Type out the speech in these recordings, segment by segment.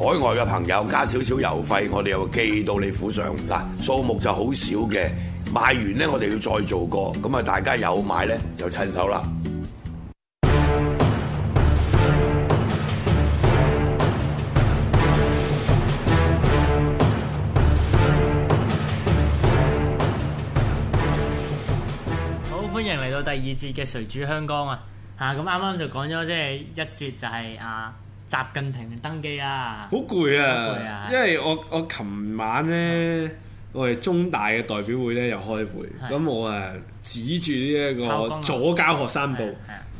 海外嘅朋友加少少郵費，我哋又寄到你府上。嗱，數目就好少嘅。賣完呢，我哋要再做過，咁啊，大家有買呢，就趁手啦。好，歡迎嚟到第二節嘅誰主香江。啊」啊！嚇，咁啱啱就講咗即係一節就係啊。習近平登基啊！好攰啊，因為我我琴晚咧，我哋中大嘅代表會咧又開會，咁我啊指住呢一個左交學生部，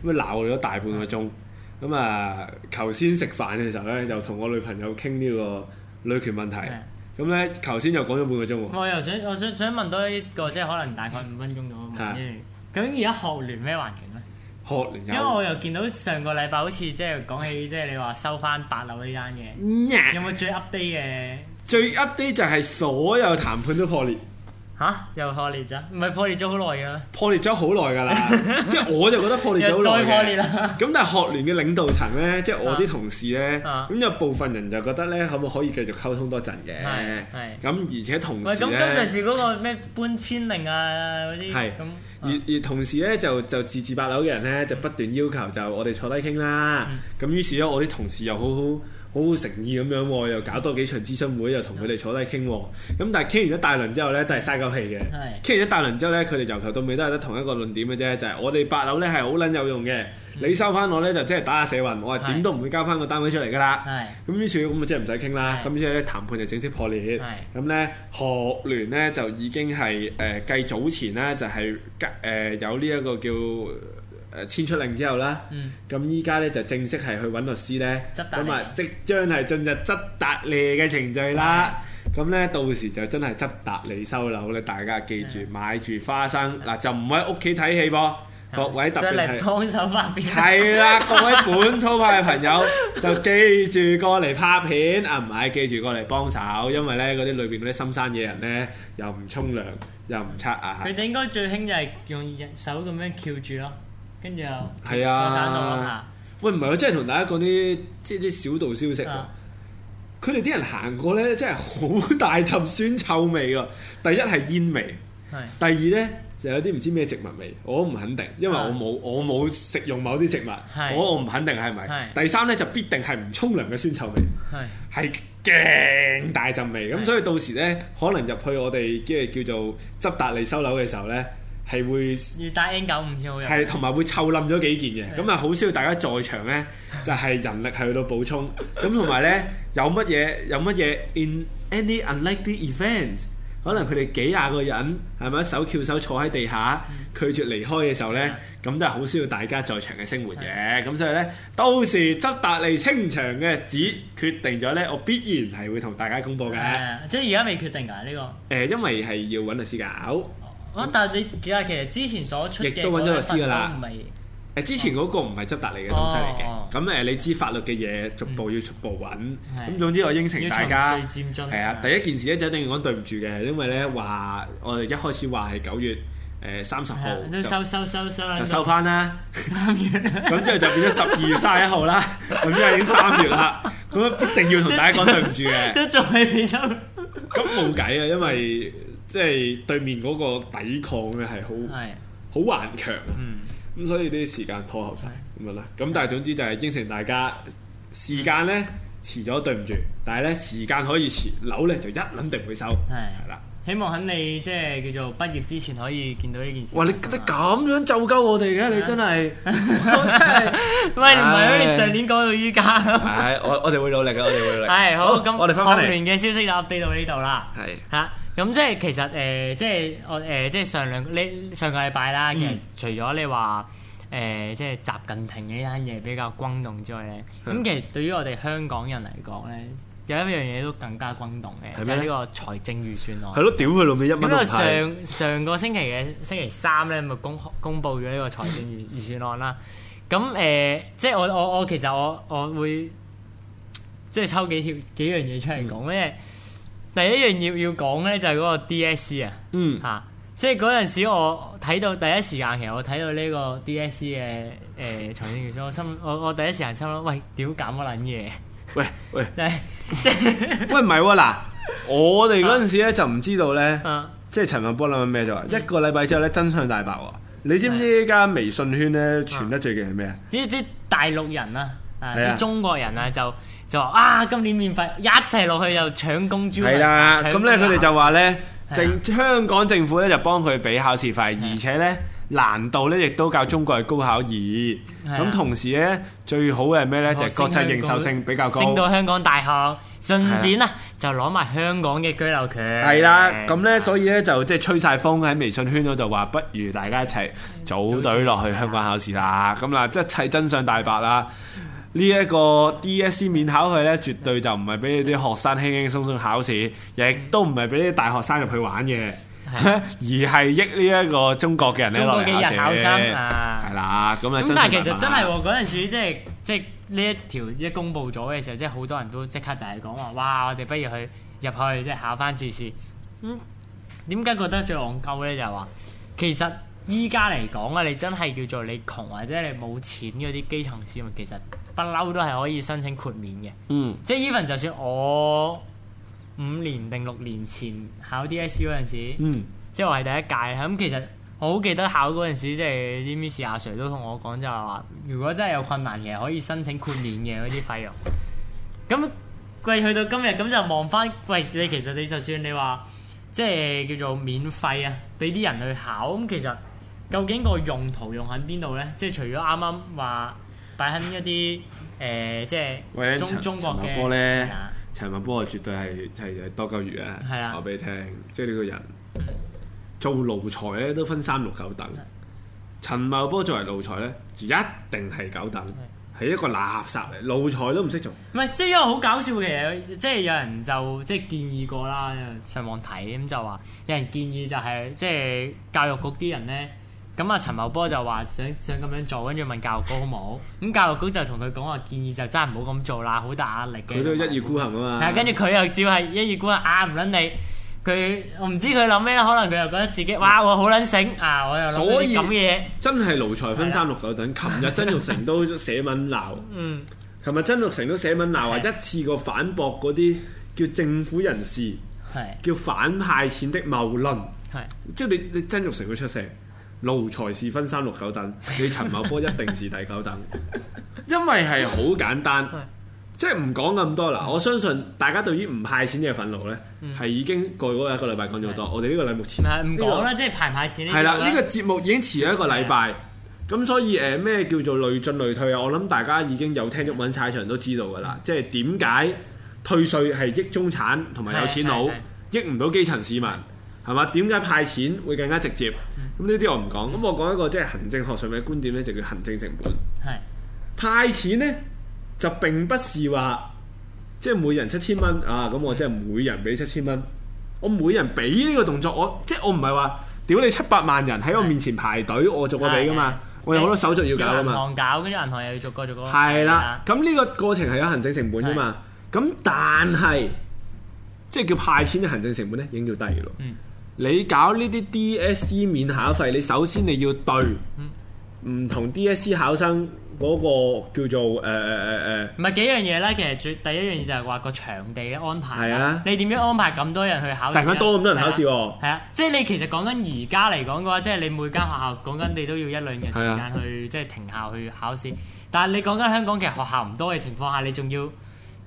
咁鬧咗大半個鐘。咁啊，頭先食飯嘅時候咧，就同我女朋友傾呢個女權問題。咁咧，頭先又講咗半個鐘喎。我又想我想想問多呢個，即係可能大概五分鐘左右。咁究竟而家學聯咩環境？因為我又見到上個禮拜好似即係講起即係你話收翻八樓呢單嘢，有冇最 update 嘅？最 update 就係所有談判都破裂。嚇？又破裂咗？唔係破裂咗好耐㗎啦，破裂咗好耐㗎啦，即係我就覺得破裂咗又再破裂啦。咁但係學聯嘅領導層咧，即係我啲同事咧，咁有部分人就覺得咧，可唔可以繼續溝通多陣嘅？係係。咁而且同事咧，喂，咁跟上次嗰個咩搬遷令啊嗰啲，係咁。而而同時咧，就就自治八樓嘅人咧，就不斷要求就我哋坐低傾啦。咁於、嗯、是咧，我啲同事又好好，好好誠意咁樣喎，又搞多幾場諮詢會，又同佢哋坐低傾。咁但係傾完一大輪之後呢，都係嘥夠氣嘅。傾是完一大輪之後呢，佢哋由頭到尾都係得同一個論點嘅啫，就係、是、我哋八樓呢係好撚有用嘅。嗯、你收翻我呢，就即係打下社運，我係點都唔會交翻個單位出嚟㗎啦。咁呢次咁啊，即係唔使傾啦。咁依家呢談判就正式破裂。咁是呢，學聯呢，就已經係誒繼早前呢、就是，就係誒有呢一個叫。誒，遷出令之後啦，咁依家咧就正式係去揾律師咧，咁啊即將係進入執達吏嘅程序啦。咁咧到時就真係執達吏收樓咧，大家記住買住花生嗱，就唔好喺屋企睇戲噃，各位上嚟幫手拍片係啦，各位本土派朋友就記住過嚟拍片啊，唔係記住過嚟幫手，因為咧嗰啲裏邊嗰啲深山野人咧又唔沖涼又唔刷牙，佢哋應該最興就係用手咁樣翹住咯。跟住又坐山喂，唔係我真係同大家講啲即係啲小道消息喎。佢哋啲人行過呢，真係好大陣酸臭味㗎。第一係煙味，第二呢，就有啲唔知咩植物味，我唔肯定，因為我冇我冇食用某啲植物，我我唔肯定係咪。第三呢，就必定係唔沖涼嘅酸臭味，係勁大陣味。咁所以到時呢，可能入去我哋即係叫做執達吏收樓嘅時候呢。係會要帶 N 九五先好入，係同埋會湊冧咗幾件嘅。咁啊好需要大家在場呢，就係、是、人力係去到補充，咁同埋呢，有乜嘢有乜嘢？In any unlikely event，可能佢哋幾廿個人係咪手翹手坐喺地下拒絕離開嘅時候呢，咁真係好需要大家在場嘅生活嘅，咁是的 所以呢，到時執達利清場嘅日子決定咗呢，我必然係會同大家公佈嘅，即係而家未決定㗎呢、呢個，誒因為係要揾律師搞。但係你記下，其實之前所出嘅亦都揾咗律師噶啦。誒，之前嗰個唔係執達吏嘅東西嚟嘅。咁誒，你知法律嘅嘢，逐步要逐步揾。咁總之，我應承大家，係啊，第一件事咧就一定要講對唔住嘅，因為咧話我哋一開始話係九月誒三十號，收收收收，就收翻啦。三月，咁之後就變咗十二月卅一號啦。咁之後已經三月啦，咁必定要同大家講對唔住嘅。都仲係未收。咁冇計啊，因為。即係對面嗰個抵抗嘅係好好頑強啊！咁所以呢啲時間拖後晒。咁啊啦。咁但係總之就係應承大家時間咧遲咗對唔住，但係咧時間可以遲，樓咧就一揾定唔會收。係啦，希望喺你即係叫做畢業之前可以見到呢件事。哇！你你咁樣就夠我哋嘅，你真係，真係，喂唔係，上年講到依家。係，我我哋會努力嘅，我哋會努力。係好，咁後年嘅消息就 update 到呢度啦。係嚇。咁即係其實誒，即係我誒，即係上兩你上個禮拜啦。其實除咗你話誒，即係習近平呢單嘢比較轟動之外咧，咁、嗯、其實對於我哋香港人嚟講咧，有一樣嘢都更加轟動嘅，就係呢個財政預算案。係咯，屌佢老母一蚊雞！因為上上個星期嘅星期三咧，咪公公佈咗呢個財政預預算案啦。咁誒，即係我我我其實我我會即係抽幾條幾樣嘢出嚟講，因、嗯第一樣要要講咧就係嗰個 DSC、嗯、啊，嚇，即係嗰陣時我睇到第一時間，其實我睇到呢個 DSC 嘅誒財政預算，我心我我第一時間心諗，ets，喂，屌減乜撚嘢？喂喂，即係 喂唔係喎，嗱、啊， 我哋嗰陣時咧就唔知道咧，即係陳茂波諗緊咩啫？一個禮拜之後咧真相大白喎，你知唔知依家微信圈咧傳得最勁係咩啊？啲 啲大陸人啊，啲、 啊啊、中國人啊就。就話啊，今年免費一齊落去又搶公主。係啦的。咁咧佢哋就話咧，政的香港政府咧就幫佢俾考試費，的而且咧難度咧亦都較中國嘅高考易。咁的同時咧，最好嘅係咩咧？就係國際認受性比較高，升到香港大學，順便啊就攞埋香港嘅居留權。係啦，咁咧所以咧的就即係吹晒風喺微信圈度，就話，不如大家一齊組隊落去香港考試啦。咁嗱，一切真相大白啦。呢一個 DSE 免考佢咧，絕對就唔係俾你啲學生輕輕鬆鬆考試，亦都唔係俾啲大學生入去玩嘅，是的 而係益呢一個中國嘅人嚟考試。中考生啊，係啦，咁啊。但係其實真係嗰陣時，即係即係呢一條一公布咗嘅時候，即係好多人都即刻就係講話，哇！我哋不如去入去即係考翻次試。咁點解覺得最戇鳩咧？就係話其實。依家嚟講啊，你真係叫做你窮或者你冇錢嗰啲基層市民，其實不嬲都係可以申請豁免嘅。嗯。即係 even 就算我五年定六年前考 DSE 嗰陣時，嗯。即係我係第一屆，咁其實我好記得考嗰陣時，即係啲 miss、啊、阿 sir 都同我講，就係話如果真係有困難嘅，可以申請豁免嘅嗰啲費用。咁，貴去到今日咁就望翻，喂你其實你就算你話即係叫做免費啊，俾啲人去考咁，其實。究竟個用途用喺邊度咧？即係除咗啱啱話擺喺一啲誒，即係中中國嘅陳茂波咧，陳茂波係絕對係係多鳩餘啊！話俾你聽，即係呢個人做奴才咧都分三六九等，陳茂波作為奴才咧就一定係九等，係一個垃圾嚟，奴才都唔識做。唔係，即係因為好搞笑嘅嘢，即係有人就即係建議過啦，上網睇咁就話，有人建議就係即係教育局啲人咧。咁啊，陳茂波就話想想咁樣做，跟住問教育局好冇？咁教育局就同佢講話建議就真係唔好咁做啦，好大壓力嘅。佢都一意孤行啊嘛。係跟住佢又照係一意孤行，啊唔撚你。佢我唔知佢諗咩，可能佢又覺得自己哇我好撚醒啊，我又諗啲咁嘢。真係奴才分三六九等。琴日曾玉成都寫文鬧，嗯，琴日曾玉成都寫文鬧話一次過反駁嗰啲叫政府人士係叫反派錢的謀論係，即係你你曾玉成會出聲。奴才是分三六九等，你陳茂波一定是第九等，因為係好簡單，即係唔講咁多啦。我相信大家對於唔派錢嘅憤怒呢，係已經過咗一個禮拜講咗好多。我哋呢個禮目前，唔係講啦，即係排派錢。係啦，呢個節目已經遲咗一個禮拜，咁所以誒咩叫做累進累退啊？我諗大家已經有聽中文踩場都知道㗎啦，即係點解退稅係益中產同埋有錢佬，益唔到基層市民？係嘛？點解派錢會更加直接？咁呢啲我唔講。咁、嗯、我講一個即係、就是、行政學上面嘅觀點咧，就叫行政成本。係是派錢咧，就並不是話即係每人七千蚊啊！咁我即係每人俾七千蚊。我每人俾呢個動作，我即係我唔係話屌你七百萬人喺我面前排隊，是我逐個俾噶嘛？的我有好多手續要搞噶嘛？銀行搞，跟住銀行又要做過做過。係啦，咁呢個過程係有行政成本噶嘛？咁的但係即係叫派錢嘅行政成本咧，已經叫低咯。嗯你搞呢啲 DSE 免考費，你首先你要對唔同、嗯、DSE 考生嗰個叫做誒誒誒誒，唔、呃、係、呃、幾樣嘢啦。其實最第一樣嘢就係話個場地嘅安排。係啊，你點樣安排咁多人去考試？但係咁多咁多人考試喎。啊，啊，啊，即係你其實講緊而家嚟講嘅話，即、就、係、是、你每間學校講緊你都要一兩日時間去即係、啊、停校去考試。但係你講緊香港其實學校唔多嘅情況下，你仲要，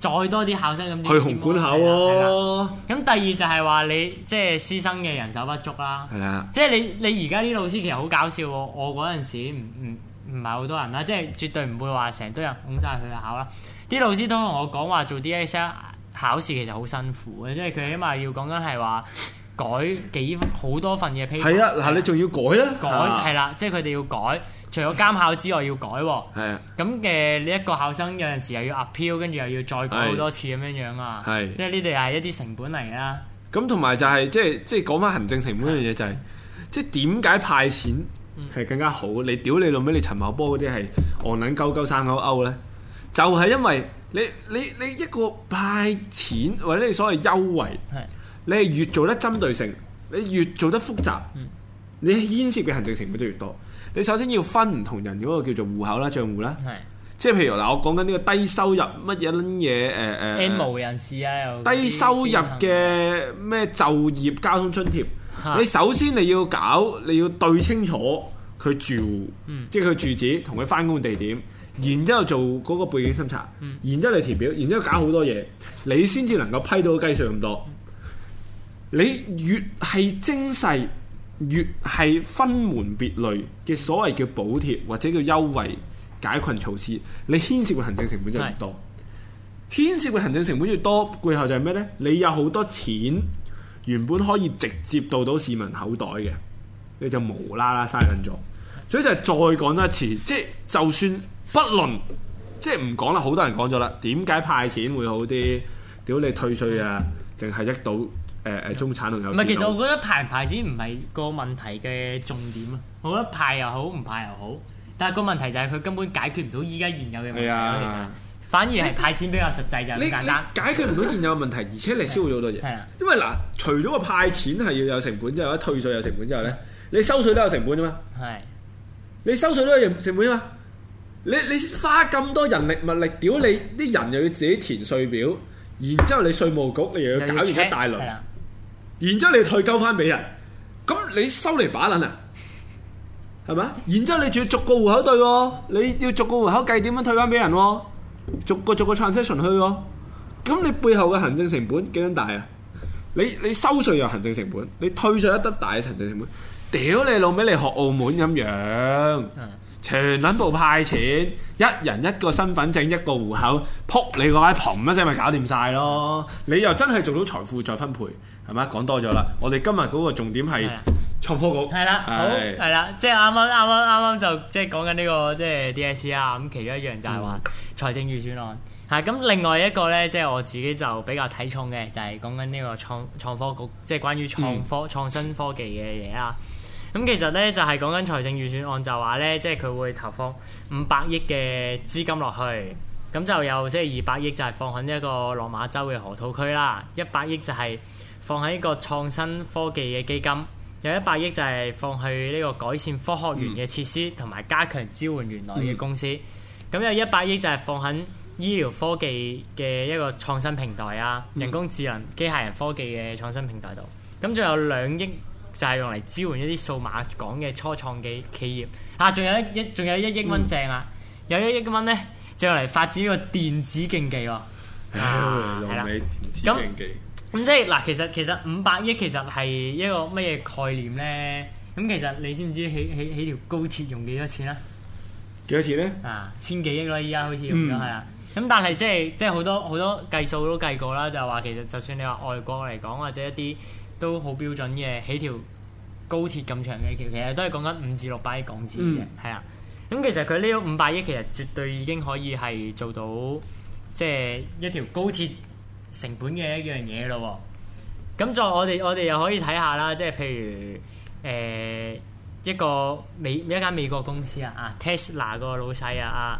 再多啲考生咁去紅館考喎。咁吧、嗯、第二就係話你即係師生嘅人手不足啦。係啊吧。即係你你而家啲老師其實好搞笑喎。我嗰陣時唔唔唔係好多人啦，即係絕對唔會話成堆人擁晒去考啦。啲老師都同我講話做 DSE 考試其實好辛苦嘅，即係佢起碼要講緊係話。改幾好多份嘅批？係啊，嗱你仲要改咧？改係啦，即係佢哋要改，除咗監考之外要改喎。係啊。咁嘅你一個考生有陣時又要 appeal 跟住又要再改好多次咁樣樣啊。係。即係呢啲係一啲成本嚟啦。咁同埋就係即係即係講翻行政成本一樣嘢，就係即係點解派錢係更加好？你屌你老尾，你陳茂波嗰啲係戇撚鳩鳩生勾勾咧，就係因為你你你一個派錢或者你所謂優惠係。你係越做得針對性，你越做得複雜，嗯、你牽涉嘅行政成本就越多。你首先要分唔同人嗰個叫做戶口啦、帳戶啦，是即係譬如嗱，我講緊呢個低收入乜嘢撚嘢誒誒，呃、人士啊，低收入嘅咩就業交通津貼，是你首先你要搞，你要對清楚佢住戶，即係佢住址同佢翻工嘅地點，然之後做嗰個背景審查，嗯、然之後你填表，然之後搞好多嘢，你先至能夠批到雞碎咁多。你越係精細，越係分門別類嘅所謂叫補貼或者叫優惠解困措施，你牽涉嘅行政成本就越多。是牽涉嘅行政成本越多，背後就係咩呢？你有好多錢原本可以直接到到市民口袋嘅，你就無啦啦嘥緊咗。所以就係再講一次，即係就算不論，即係唔講啦，好多人講咗啦，點解派錢會好啲？屌你退稅啊，淨係一到。誒誒，中產唔係，其實我覺得派唔派錢唔係個問題嘅重點啊！我覺得派又好，唔派又好，但係個問題就係佢根本解決唔到依家現有嘅問題。啊，反而係派錢比較實際，就咁簡單。解決唔到現有問題，而且你燒咗好多嘢。係啊，因為嗱，除咗個派錢係要有成本之後，退稅有成本之後咧，你收稅都有成本噶嘛？係，你收稅都有成本噶嘛？你你花咁多人力物力，屌你啲人又要自己填稅表，然之後你稅務局又要搞完一大輪。然之後你退休翻俾人，咁你收嚟把撚啊，係咪？然之後你仲要逐個戶口對喎、啊，你要逐個戶口計點樣退翻俾人喎、啊，逐個逐個 transaction 去喎、啊，咁你背後嘅行政成本幾多大啊？你你收稅又行政成本，你退稅一得大嘅行政成本，屌你老味，你學澳門咁樣。嗯全撚部派錢，一人一個身份證，一個戶口，撲你個位，砰一聲咪搞掂晒咯！你又真係做到財富再分配，係咪啊？講多咗啦，我哋今日嗰個重點係創科局，係啦了是，好係啦，即係啱啱啱啱就即、是、係講緊呢個即係 DAS 啊，咁其中一樣就係話財政預算案。係咁、嗯，另外一個咧，即、就、係、是、我自己就比較睇重嘅，就係、是、講緊呢個創創科局，即、就、係、是、關於創科、嗯、創新科技嘅嘢啊。咁其實咧就係講緊財政預算案，就話、是、咧即係佢會投放五百億嘅資金落去，咁就有即係二百億就係放喺呢一個落馬洲嘅河套區啦，一百億就係放喺呢個創新科技嘅基金，有一百億就係放去呢個改善科學園嘅設施同埋加強支援原來嘅公司，咁、嗯、有一百億就係放喺醫療科技嘅一個創新平台啊，人工智能、機械人科技嘅創新平台度，咁仲有兩億。就係用嚟支援一啲數碼港嘅初創嘅企業，啊，仲有一一仲有一億蚊正啊，嗯、有一億蚊咧，就用嚟發展呢個電子競技喎。係啦。咁咁即係嗱，其實其實五百億其實係一個乜嘢概念咧？咁其實你知唔知起起起條高鐵用幾多錢啊？幾多錢咧？啊，千幾億、嗯、啦，依家好似用咗。係啊，咁但係即係即係好多好多計數都計過啦，就係話其實就算你話外國嚟講或者一啲。都好標準嘅，起條高鐵咁長嘅橋，其實都係講緊五至六百億港紙嘅，係啊、嗯。咁其實佢呢個五百億其實絕對已經可以係做到，即、就、係、是、一條高鐵成本嘅一樣嘢咯。咁再、嗯、我哋我哋又可以睇下啦，即係譬如誒、呃、一個美一間美國公司啊，啊 Tesla 個老細啊，啊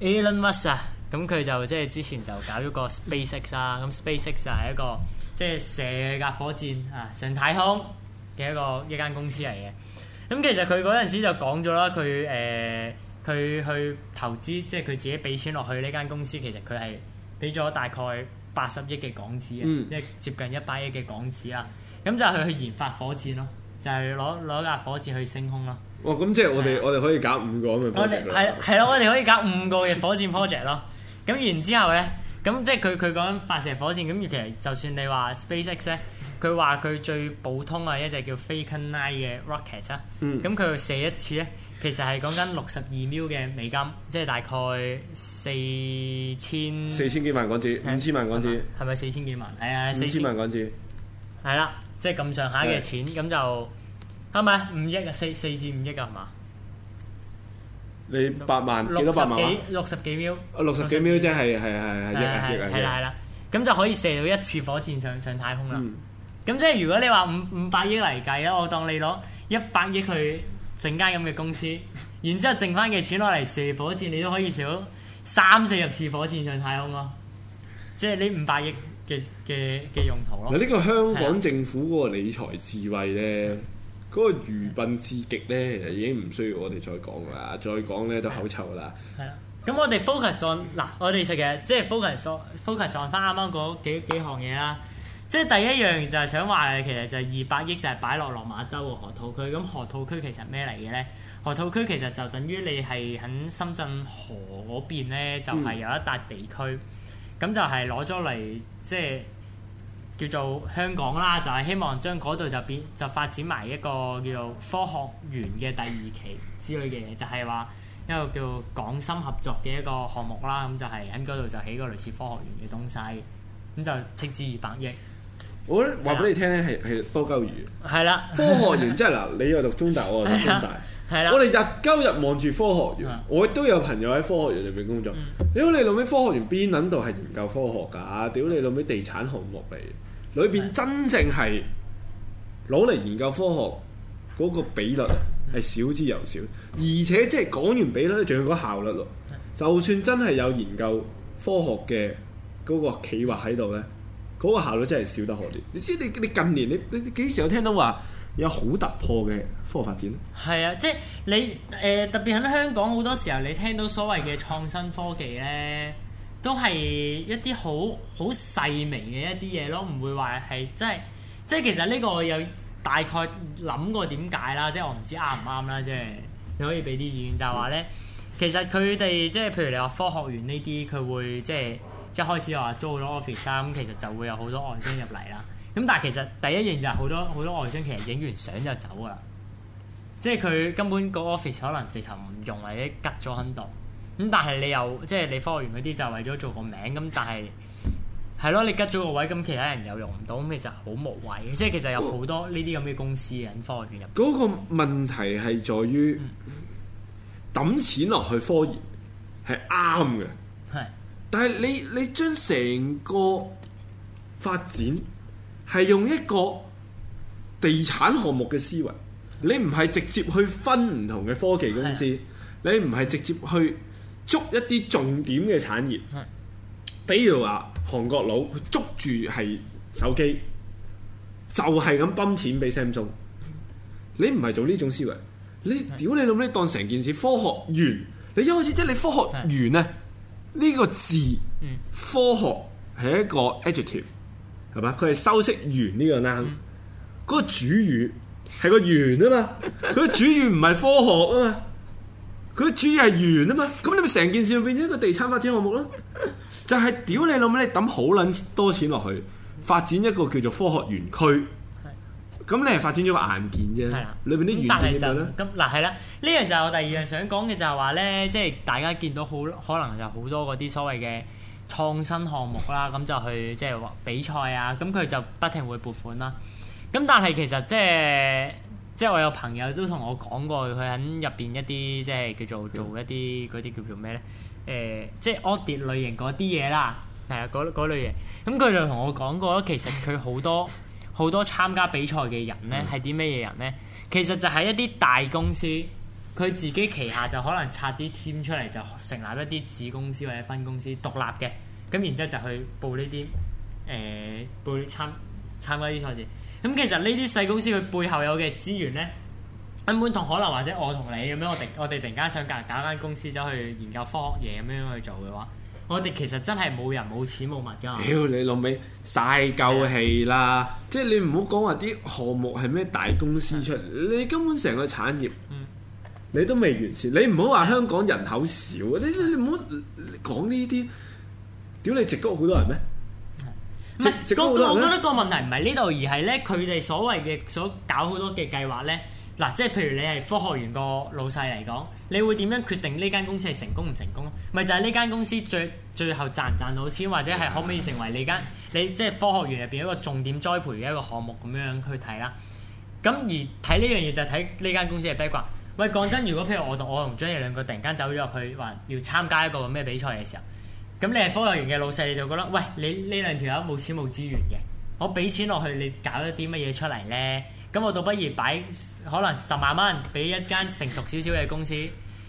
Elon Musk 啊， 咁佢就即係之前就搞咗個 SpaceX 啊，咁 SpaceX 就係一個。即係射架火箭啊，上太空嘅一個一間公司嚟嘅。咁、啊、其實佢嗰陣時就講咗啦，佢誒佢去投資，即係佢自己俾錢落去呢間公司。其實佢係俾咗大概八十億嘅港紙、嗯、啊，即係接近一百億嘅港紙啊。咁就去去研發火箭咯，就係攞攞架火箭去升空咯。哦，咁即係我哋、啊、我哋可以搞五個咁嘅 project。係係咯，我哋可以搞五個嘅火箭 project 咯。咁 然之後咧。咁即係佢佢講緊發射火箭，咁其實就算你話 SpaceX 咧，佢話佢最普通啊一隻叫 Falcon 9嘅 rocket 啊，咁、嗯、佢射一次咧，其實係講緊六十二秒嘅美金，即係大概四千四千幾萬港紙，對五千萬港紙，係咪四千幾萬？係、哎、啊，四千,五千萬港紙，係啦，即係咁上下嘅錢，咁是的 就係咪五億啊？四四至五億啊？係嘛？你八萬幾多八萬幾六,六,六,六十幾秒？六十幾秒即係係係係一集啊！係啦係啦，咁、啊啊啊、就可以射到一次火箭上上太空啦。咁即係如果你話五五百億嚟計啦，我當你攞一百億去整間咁嘅公司，嗯、然之後剩翻嘅錢攞嚟射火箭，你都、哎、可以少三四十次火箭上太空咯。即係呢五百億嘅嘅嘅用途咯。呢、哎這個香港政府嘅理財智慧咧～、嗯嗰個愚笨至極咧，其實已經唔需要我哋再講啦，再講咧都口臭啦。係啦，咁 我哋 focus on 嗱，我哋食嘅，即係 focus on focus on 翻啱啱嗰幾幾項嘢啦。即係第一樣就係想話其實就係二百億就係擺落落馬洲嘅河套區。咁河套區其實咩嚟嘅咧？河套區其實就等於你係喺深圳河嗰邊咧，就係、是、有一笪地區，咁、嗯、就係攞咗嚟即係。叫做香港啦，就係希望將嗰度就變就發展埋一個叫做科學園嘅第二期之類嘅嘢，就係話一個叫港深合作嘅一個項目啦，咁就係喺嗰度就起個類似科學園嘅東西，咁就斥資二百億。我話俾你聽咧，係係了多鳩魚。係啦了，科學園真係嗱，你又讀中大，我又讀中大，係啦。我哋日鳩日望住科學園，了我亦都有朋友喺科學園裏邊工作。屌了你老尾，科學園邊諗到係研究科學噶？屌你老尾，地產項目嚟，裏邊真正係攞嚟研究科學嗰個比率係少之又少，了而且即係講完比率，仲要個效率咯。了了就算真係有研究科學嘅嗰個企劃喺度咧。嗰個效率真係少得可憐，你知你你近年你你幾時有聽到話有好突破嘅科學發展？係啊，即係你誒、呃、特別喺香港好多時候，你聽到所謂嘅創新科技咧，都係一啲好好細微嘅一啲嘢咯，唔會話係即係即係其實呢個我有大概諗過點解啦，即係我唔知啱唔啱啦，即係你可以俾啲意見就係話咧，嗯、其實佢哋即係譬如你話科學園呢啲，佢會即係。一開始話租好多 office 啦，咁其實就會有好多外商入嚟啦。咁但係其實第一樣就係好多好多外商其實影完相就走噶啦，即係佢根本個 office 可能直頭唔用或者吉咗喺度。咁但係你又即係你科學園嗰啲就為咗做個名，咁但係係咯，你吉咗個位，咁其他人又用唔到，咁其實好無謂嘅。即係其實有好多呢啲咁嘅公司喺科學園入。嗰個問題係在於揼、嗯、錢落去科學園係啱嘅。但係你你將成個發展係用一個地產項目嘅思維，你唔係直接去分唔同嘅科技公司，的你唔係直接去捉一啲重點嘅產業，的比如話韓國佬佢捉住係手機，就係咁泵錢俾 Samsung，你唔係做呢種思維，你屌的你諗你當成件事，科學家，你一開始即係你科學家呢？的呢個字，科學係一個 adjective，係嘛？佢係修飾園呢個 noun。嗰、嗯、個主語係個園啊嘛，佢個主語唔係科學啊嘛，佢個主語係園啊嘛。咁你咪成件事變咗一個地產發展項目咯， 就係屌你老母，你抌好撚多錢落去發展一個叫做科學園區。咁你係發展咗個硬件啫，的裏邊啲軟件有咧。咁嗱係啦，呢樣就我第二樣想講嘅就係話咧，即係大家見到好可能就好多嗰啲所謂嘅創新項目啦，咁就去即係、話、比賽啊，咁佢就不停會撥款啦。咁但係其實即係即係我有朋友都同我講過，佢喺入邊一啲即係叫做做一啲嗰啲叫做咩咧？誒、呃，即係 audit 類型嗰啲嘢啦，係啊，嗰嗰類型。咁佢就同我講過，其實佢好多。 好多參加比賽嘅人咧，係啲咩嘢人咧？其實就係一啲大公司，佢自己旗下就可能拆啲 team 出嚟，就成立一啲子公司或者分公司，獨立嘅。咁然之後就去報呢啲誒報參參加呢啲賽事。咁、嗯、其實呢啲細公司佢背後有嘅資源咧，根本同可能或者我同你咁樣，我哋我哋突然間想搞間公司走去研究科學嘢咁樣去做嘅話。我哋其實真係冇人冇錢冇物㗎。屌、啊，你老味，晒夠氣啦！ 即係你唔好講話啲項目係咩大公司出嚟， 你根本成個產業， 你都未完善。你唔好話香港人口少，你你你唔好講呢啲。屌你直多好多人咩？唔係，我覺得個問題唔係呢度，而係咧佢哋所謂嘅所搞好多嘅計劃咧。嗱，即係譬如你係科學園個老細嚟講，你會點樣決定呢間公司係成功唔成功？咪就係呢間公司最最後賺唔賺到錢，或者係可唔可以成為你間你即係科學園入邊一個重點栽培嘅一個項目咁樣去睇啦。咁而睇呢樣嘢就係睇呢間公司嘅 background。喂，講真，如果譬如我同我同張翼兩個突然間走咗入去話要參加一個咩比賽嘅時候，咁你係科學園嘅老細，你就覺得喂，你呢兩條友冇錢冇資源嘅，我俾錢落去，你搞一啲乜嘢出嚟咧？咁我倒不如擺可能十萬蚊俾一間成熟少少嘅公司，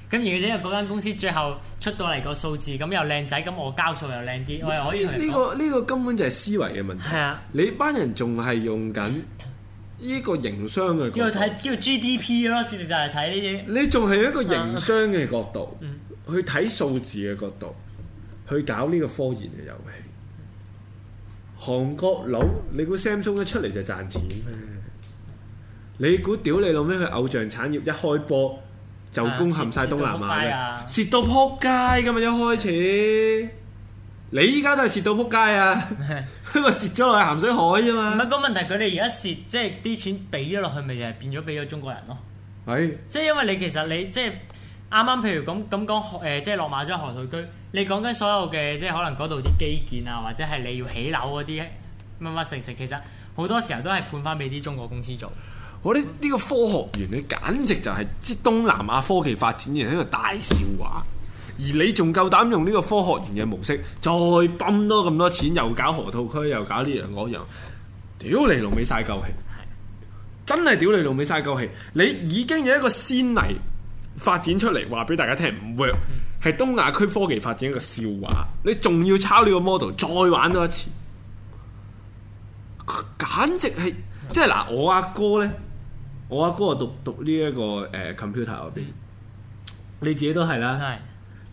咁然後嗰間公司最後出到嚟個數字咁又靚仔，咁我交數又靚啲，你我又可以。呢個呢個根本就係思維嘅問題。係啊，你班人仲係用緊呢個營商嘅角度，睇叫做 GDP 咯，事實就係睇呢啲。你仲係一個營商嘅角度， 去睇數字嘅角度，去搞呢個科研嘅遊戲。韓國佬，你估 Samsung 一出嚟就賺錢 你估屌你老咩？佢偶像產業一開波就攻陷晒東南亞，蝕到撲街噶嘛！一開始你依家都係蝕到撲街啊，不過蝕咗落係鹹水海啫嘛。唔係、個問題，佢哋而家蝕即係啲錢俾咗落去，咪就係、是、變咗俾咗中國人咯。係即係因為你其實你即係啱啱，就是、剛剛譬如咁咁講誒，即係、呃就是、落馬咗河套區，你講緊所有嘅即係可能嗰度啲基建啊，或者係你要起樓嗰啲乜乜成成，其實好多時候都係判翻俾啲中國公司做。我哋呢個科學園，你簡直就係即東南亞科技發展嘅一個大笑話。而你仲夠膽用呢個科學園嘅模式，再泵多咁多錢，又搞河套區，又搞呢樣嗰樣，屌你老味晒鳩氣！的真係屌你老味晒鳩氣！你已經有一個先例發展出嚟，話俾大家聽唔 work，係東亞區科技發展一個笑話。你仲要抄呢個 model，再玩多一次，簡直係即係嗱，我阿哥呢。我阿哥啊，讀讀呢一個誒 computer 嗰邊，嗯，你自己都係啦是。係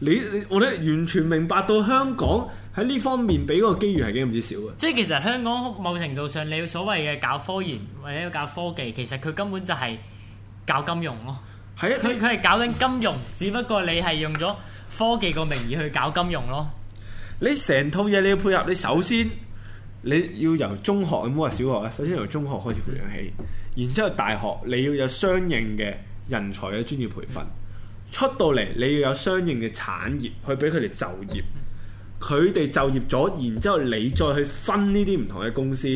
你，你我呢完全明白到香港喺呢方面俾嗰個機遇係幾唔知少嘅。即係其實香港某程度上，你所謂嘅搞科研或者要搞科技，其實佢根本就係搞金融咯。係啊，佢佢係搞緊金融，只不過你係用咗科技個名義去搞金融咯。你成套嘢你要配合，你首先。你要由中學，唔好話小學咧，首先由中學開始培養起，然之後大學你要有相應嘅人才嘅專業培訓，出到嚟你要有相應嘅產業去俾佢哋就業，佢哋就業咗，然之後你再去分呢啲唔同嘅公司，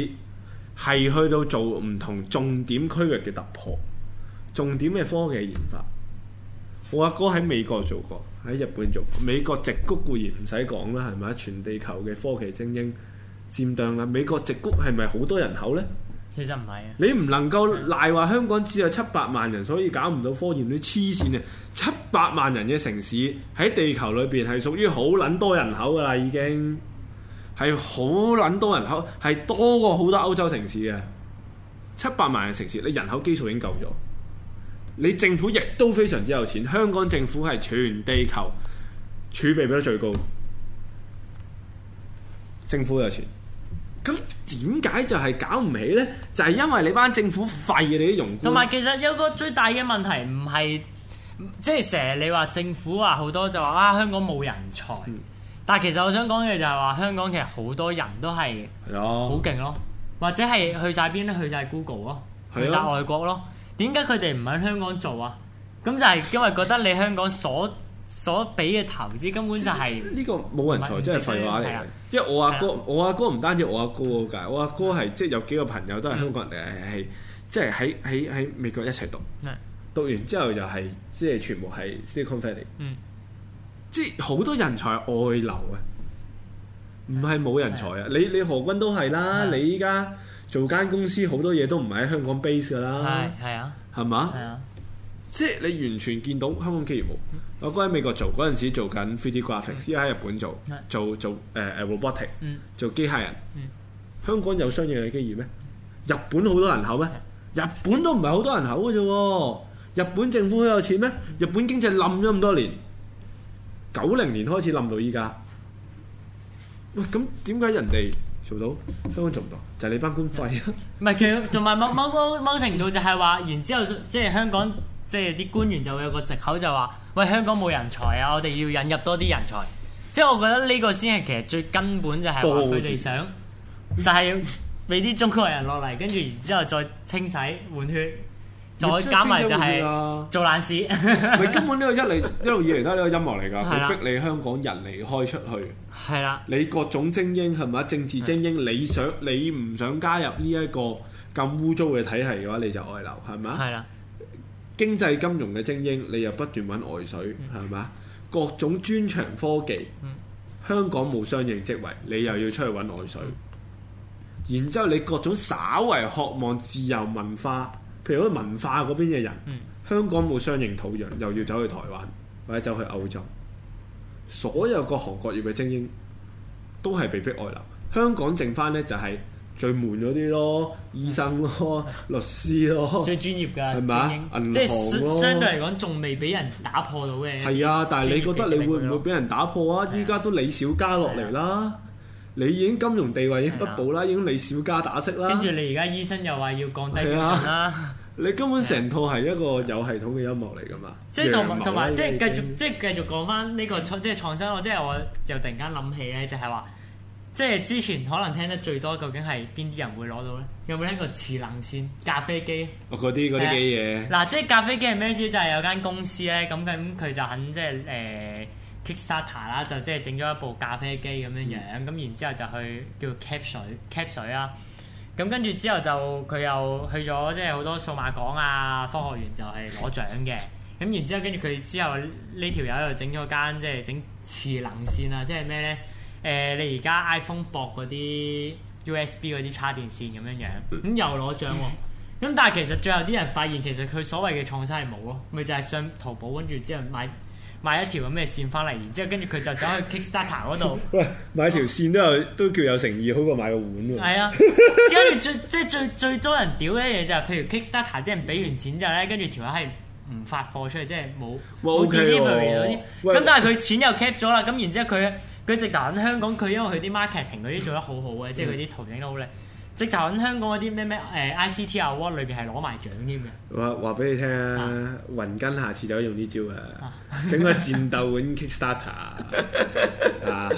係去到做唔同重點區域嘅突破，重點嘅科技研發。我阿哥喺美國做過，喺日本做過，美國矽谷固然唔使講啦，係咪？全地球嘅科技精英。佔領啦！美國直谷係咪好多人口呢？其實唔係啊！你唔能夠賴話香港只有七百萬人，所以搞唔到科研，你黐線啊！七百萬人嘅城市喺地球裏邊係屬於好撚多人口噶啦，已經係好撚多人口，係多過好多歐洲城市嘅。七百萬人城市，你人口基數已經夠咗，你政府亦都非常之有錢。香港政府係全地球儲備比得最高，政府有錢。咁點解就係搞唔起呢？就係、是、因為你班政府廢嘅，你啲庸官。同埋其實有個最大嘅問題唔係，即係成日你話政府話好多就話啊，香港冇人才，但係其實我想講嘅就係話香港其實好多人都係好勁咯，或者係去晒邊呢？去晒 Google 咯，是啊、去晒外國咯。點解佢哋唔喺香港做啊？咁就係因為覺得你香港所所俾嘅投資根本就係呢個冇人才，真係廢話嚟嘅。即係我阿哥，我阿哥唔單止我阿哥噶，我阿哥係即係有幾個朋友都係香港人嚟，係即係喺喺喺美國一齊讀。讀完之後就係即係全部係 Silicon Valley。嗯，即係好多人才外流啊，唔係冇人才啊。你你何君都係啦，你依家做間公司好多嘢都唔喺香港 base 噶啦。係係啊，係嘛？係啊。即係你完全見到香港企業冇我哥喺美國做嗰陣時做緊 three D graphics，依家喺日本做做做誒、呃、robotic 做機械人。嗯嗯、香港有相應嘅經驗咩？日本好多人口咩？日本都唔係好多人口嘅啫、哦。日本政府好有錢咩？日本經濟冧咗咁多年，九零年開始冧到依家。喂，咁點解人哋做到香港做唔到？就係、是、你班官費啊？唔係、嗯，其實同埋某某某程度就係話，然之後即係、就是、香港。就是香港即係啲官員就會有個藉口就話：喂，香港冇人才啊！我哋要引入多啲人才。即係我覺得呢個先係其實最根本就係話佢哋想，就係俾啲中國人落嚟，跟住然之後再清洗換血，再加埋就係做爛事。咪、啊、 根本呢個一嚟一路以嚟都係呢個陰謀嚟㗎，佢 逼你香港人離開出去。係啦的。你各種精英係咪？政治精英，的你想你唔想加入呢一個咁污糟嘅體系嘅話，你就外流係咪啊？係啦。經濟金融嘅精英，你又不斷揾外水，係咪？嗯、各種專長科技，嗯、香港冇相應職位，你又要出去揾外水。然之後你各種稍為渴望自由文化，譬如嗰啲文化嗰邊嘅人，嗯、香港冇相應土壤，又要走去台灣或者走去歐洲。所有各行各業嘅精英都係被迫外流，香港剩翻呢、就係，就係。最悶嗰啲咯，醫生咯，律師咯，最專業㗎，係咪？銀行咯，即係相對嚟講，仲未俾人打破到嘅。係啊，但係你覺得你會唔會俾人打破啊？依家都李小加落嚟啦，你已經金融地位已經不保啦，已經李小加打息啦。跟住你而家醫生又話要降低工資啦。你根本成套係一個有系統嘅陰謀嚟㗎嘛？即係同同埋即係繼續即係繼續講翻呢個創即係創新咯，即係我又突然間諗起咧，就係話。即係之前可能聽得最多，究竟係邊啲人會攞到咧？有冇聽過磁能線咖啡機？嗰啲嗰啲嘅嘢。嗱，即係、啊、咖，咖，咖，咖啡機係咩意思？就係、是、有間公司咧，咁咁佢就肯即係誒 Kickstarter 啦，呃、kick starter, 就即係整咗一部咖啡機咁樣樣。咁、嗯、然，後 u, u,、啊、然之後就去叫做 cap 水 cap 水啦。咁跟住之後就佢又去咗即係好多數碼港啊、科學園就係攞獎嘅。咁然之後跟住佢之後呢條友又整咗間即係整磁能線啊，即係咩咧？誒、呃，你而家 iPhone 薄嗰啲 USB 嗰啲插電線咁樣樣，咁又攞獎喎。咁 但係其實最後啲人發現，其實佢所謂嘅創新係冇咯，咪就係、是、上淘寶跟住之後買買一條咁嘅線翻嚟，然之後跟住佢就走去 Kickstarter 嗰度。喂，買條線都係、啊、都叫有誠意，好過買個碗喎。係 啊，跟住最即係最最多人屌嘅嘢就係、是，譬如 Kickstarter 啲人俾完錢之後咧，跟住條友係唔發貨出去，即係冇冇 delivery 啲。咁但係佢錢又 keep 咗啦，咁 然之後佢。佢直頭喺香港，佢因為佢啲 marketing 嗰啲做得好好嘅，即係佢啲圖整得好靚。直頭喺香港嗰啲咩咩誒 ICT award 裏邊係攞埋獎添嘅。話話俾你聽、啊，啊、雲根下次就可以用呢招啊，整個、啊、 戰鬥碗 Kickstarter 啊，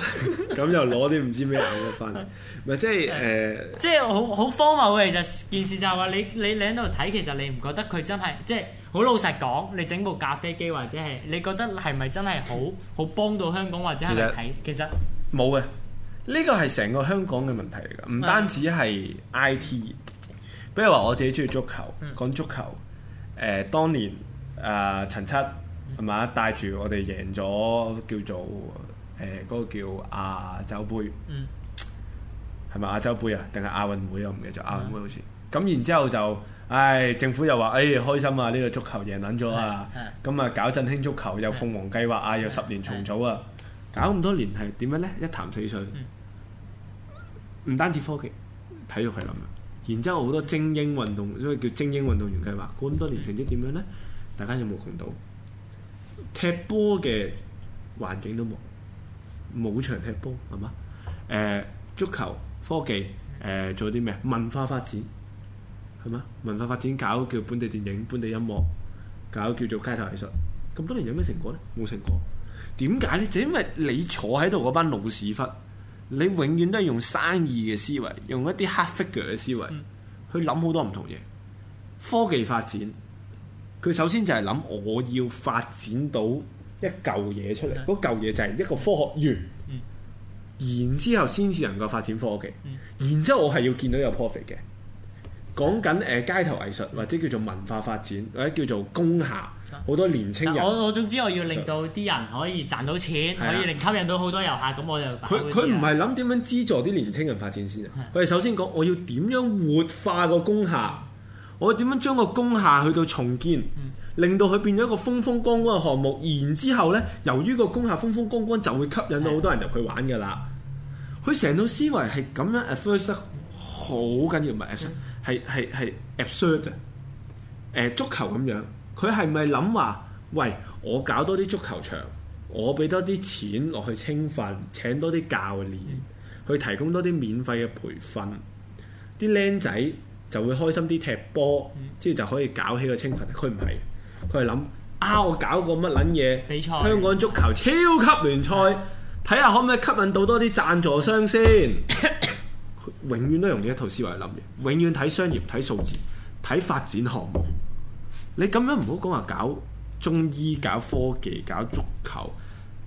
咁 又攞啲唔知咩嘢返嚟，唔係即係誒。即係好好荒謬嘅，其實件事就係話你你你喺度睇，其實你唔覺得佢真係即係好老實講，你整部咖啡機或者係你覺得係咪真係好好 幫到香港或者係嚟睇？其實冇嘅。呢個係成個香港嘅問題嚟㗎，唔單止係 I.T. 業、嗯、比如話我自己中意足球，講足球，誒、呃、當年誒、呃、陳七係嘛、嗯、帶住我哋贏咗叫做誒嗰、呃那個叫亞洲杯，係咪、嗯、亞洲杯啊？定係亞運會啊？唔記得咗、嗯、亞運會好似。咁然之後就，唉政府又話，唉、哎、開心啊，呢、這個足球贏撚咗啊，咁啊、嗯嗯嗯、搞振興足球又鳳凰計劃啊，又十年重組啊，搞咁多年係點樣呢？一潭死水。嗯嗯嗯唔單止科技，體育係咁啊！然之後好多精英運動，所以叫精英運動員計劃咁多年，成績點樣呢？大家有冇窮到踢波嘅環境都冇，冇場踢波係嘛？足球科技誒、呃、做啲咩？文化發展係嘛？文化發展搞叫本地電影、本地音樂，搞叫做街頭藝術，咁多年有咩成果呢？冇成果，點解呢？就係、因為你坐喺度嗰班老屎忽。你永遠都係用生意嘅思維，用一啲黑 figure 嘅思維、嗯、去諗好多唔同嘢。科技發展，佢首先就係諗我要發展到一嚿嘢出嚟，嗰嚿嘢就係一個科學園，嗯、然之後先至能夠發展科技。嗯、然之後我係要見到有 profit 嘅。講緊誒街頭藝術或者叫做文化發展或者叫做工廈。好多年青人，我我總之我要令到啲人可以賺到錢，可以令吸引到好多遊客，咁我就佢佢唔係諗點樣資助啲年青人發展先。佢係首先講我要點樣活化個工廈，我點樣將個工廈去到重建，令到佢變咗一個風風光光嘅項目。然之後呢，由於個工廈風風光光，就會吸引到好多人入去玩㗎啦。佢成套思維係咁樣，at first 好緊要唔係，係係係 absurd 足球咁樣。佢係咪諗話，喂，我搞多啲足球場，我俾多啲錢落去青訓，請多啲教練，去提供多啲免費嘅培訓，啲僆仔就會開心啲踢波，即係就可以搞起個青訓。佢唔係，佢係諗啊，我搞個乜撚嘢比賽。香港足球超級聯賽，睇的下可唔可以吸引到多啲贊助商先。 永遠都用呢一套思維諗嘅，永遠睇商業、睇數字、睇發展項目。你咁樣唔好講話搞中醫、搞科技、搞足球，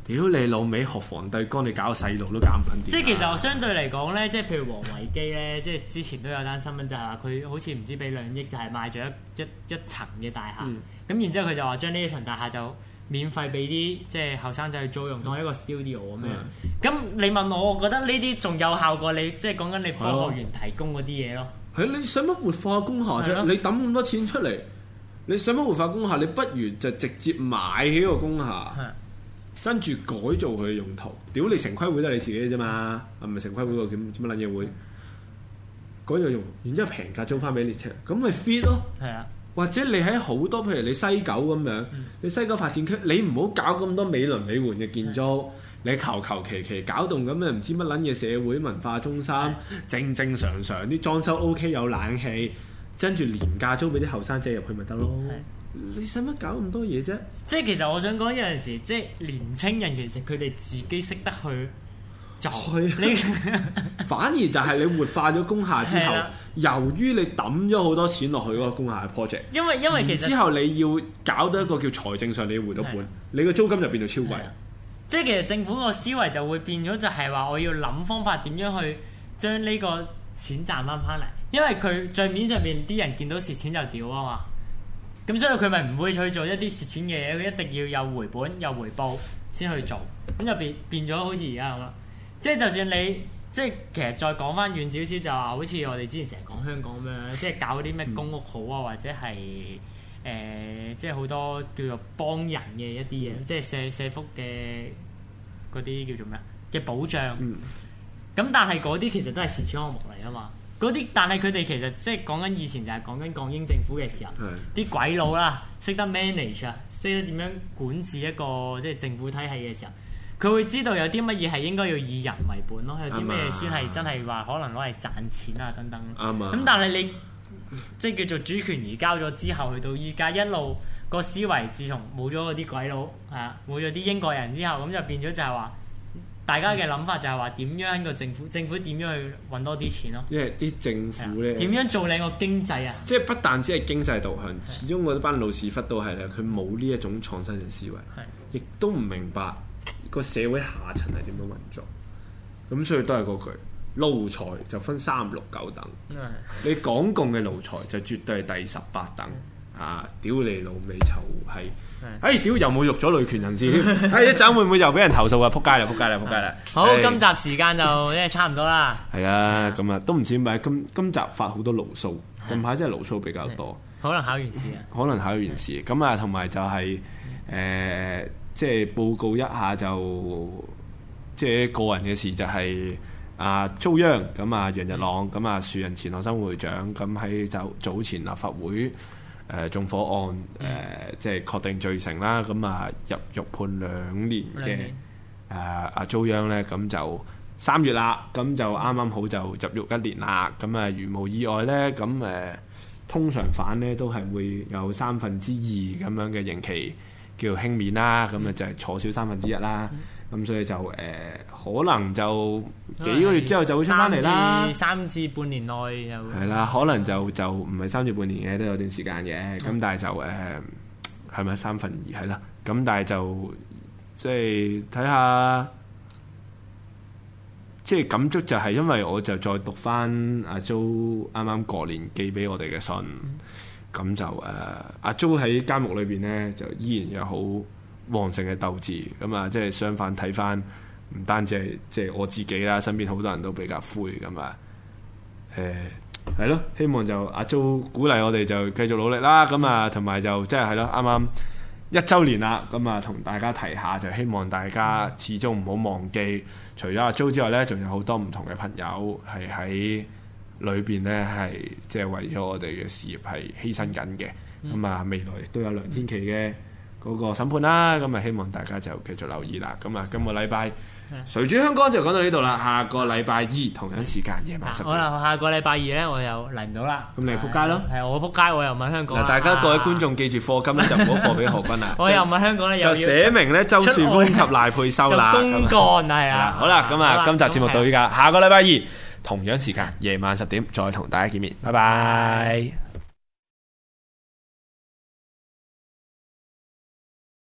屌你老味學皇帝乾，你搞細路都搞品啲。即係其實相對嚟講咧，即係譬如王維基咧，即係之前都有單新聞就係話佢好似唔知俾兩億，就係買咗一一一層嘅大廈。咁、嗯、然之後佢就話將呢一層大廈就免費俾啲即係後生仔去租用，當一個 studio 咁樣。咁、嗯、你問我，我覺得呢啲仲有效過你即係講緊你房學員提供嗰啲嘢咯。係、哦、你想乜活化工廈啫？的你抌咁多錢出嚟。你想乜活化工廈？你不如就直接買起個工廈，的跟住改造佢嘅用途。屌你城規會都係你自己嘅啫嘛，係咪城規會個叫乜撚嘢會，改咗用，然之後平價租翻俾列車，咁咪 fit 咯。係啊，的或者你喺好多譬如你西九咁樣，的你西九發展區，你唔好搞咁多美輪美奐嘅建築，的你求求其其搞棟咁嘅唔知乜撚嘢社會文化中心，的正，正正常常啲裝修 OK，有冷氣。跟住廉價租俾啲後生仔入去咪得咯？是的 你使乜搞咁多嘢啫？即係其實我想講，有陣時即係年輕人，其實佢哋自己識得去就係是、啊、你，反而就係你活化咗工廈之後，是的 由於你抌咗好多錢落去嗰個工廈嘅 project，因為因為其實之後你要搞到一個叫財政上，你要回到本，是的 你個租金就變到超貴。即係其實政府個思維就會變咗，就係話我要諗方法點樣去將呢個錢賺翻翻嚟。因為佢最面上面啲人見到蝕錢就屌啊嘛，咁所以佢咪唔會去做一啲蝕錢嘅嘢，佢一定要有回本有回報先去做，咁就變變咗好似而家咁啦。即係就算你即係其實再講翻遠少少，就話好似我哋之前成日講香港咁樣，即係搞啲咩公屋好啊，或者係誒、呃、即係好多叫做幫人嘅一啲嘢，嗯、即係社社福嘅嗰啲叫做咩嘅保障。咁、嗯、但係嗰啲其實都係蝕錢項目嚟啊嘛。嗰啲，但係佢哋其實即係講緊以前，就係講緊港英政府嘅時候，啲鬼佬啦，識得 manage 啊，識得點樣管治一個即係政府體系嘅時候，佢會知道有啲乜嘢係應該要以人為本咯，有啲咩先係真係話可能攞嚟賺錢啊等等。啱啊！咁但係你即係叫做主權移交咗之後，去到依家一路個思維，自從冇咗嗰啲鬼佬啊，冇咗啲英國人之後，咁就變咗就係話。大家嘅諗法就係話點樣喺個政府，政府點樣去揾多啲錢咯？因為啲政府呢，點、啊、樣做你個經濟啊？即係不但只係經濟導向，啊、始終嗰班老屎忽都係咧，佢冇呢一種創新嘅思維，啊、亦都唔明白個社會下層係點樣運作。咁、啊、所以都係嗰句奴才就分三六九等，啊、你港共嘅奴才就絕對係第十八等。 啊！屌你老味臭閪！哎！屌又侮辱咗女權人士添！一、哎、陣會唔會又俾人投訴啊？撲街啦！撲街啦！撲街啦！好， 今集時間就即係差唔多啦。係啊的，咁啊都唔知點解今今集發好多牢騷，近排真係牢騷比較多。可能考完試啊？可能考完試咁啊，同埋的就係、是、誒，即、呃、係、就是、報告一下就即係、就是、個人嘅事、就是，就係啊，遭殃咁啊，楊、呃呃呃、日朗咁啊，樹仁前學生會長咁喺就早前立法會，誒縱、呃、火案誒、呃，即係確定罪成啦，咁啊入獄判兩年嘅誒阿遭殃咧，咁年、呃啊、就三月啦，咁就啱啱好就入獄一年啦，咁啊如無意外咧，咁誒、啊、通常犯咧都係會有三分之二咁樣嘅刑期叫輕免啦，咁啊就係坐少三分之一啦。嗯咁、嗯、所以就誒、呃，可能就幾個月之後就會出翻嚟啦。三次、半年內又係啦，可能就就唔係三次半年嘅，都有段時間嘅。咁、嗯、但係就誒，係、呃、咪三分二係啦？咁但係就即係睇下，即、就、係、是、感觸就係因為我就再讀翻阿朱啱啱過年寄俾我哋嘅信，咁、嗯、就誒、呃、阿朱喺監獄裏邊呢，就依然又好旺盛嘅鬥志，咁啊，即係相反睇翻，唔單止係即係我自己啦，身邊好多人都比較灰。咁啊，誒，係咯，希望就阿 Jo 鼓勵我哋就繼續努力啦，咁啊，同埋就即係係咯，啱啱一周年啦，咁啊，同大家提下就希望大家始終唔好忘記，除咗阿 Jo 之外呢，仲有好多唔同嘅朋友係喺裏邊呢，係即係為咗我哋嘅事業係犧牲緊嘅，咁啊，未來亦都有梁天琦嘅。嗯嗰個審判啦，咁啊，希望大家就繼續留意啦。咁啊，今個禮拜誰主香江就講到呢度啦。下個禮拜二同樣時間夜晚十點。好啦，下個禮拜二咧，我又嚟唔到啦。咁你撲街咯？係我撲街，我又唔喺香港。大家各位觀眾記住課金咧就唔好課俾何君啊。我又唔喺香港咧，又寫明咧周樹豐及賴佩秀啦。公幹係啊。好啦，咁啊，今集節目到依家，下個禮拜二同樣時間夜晚十點再同大家見面，拜拜。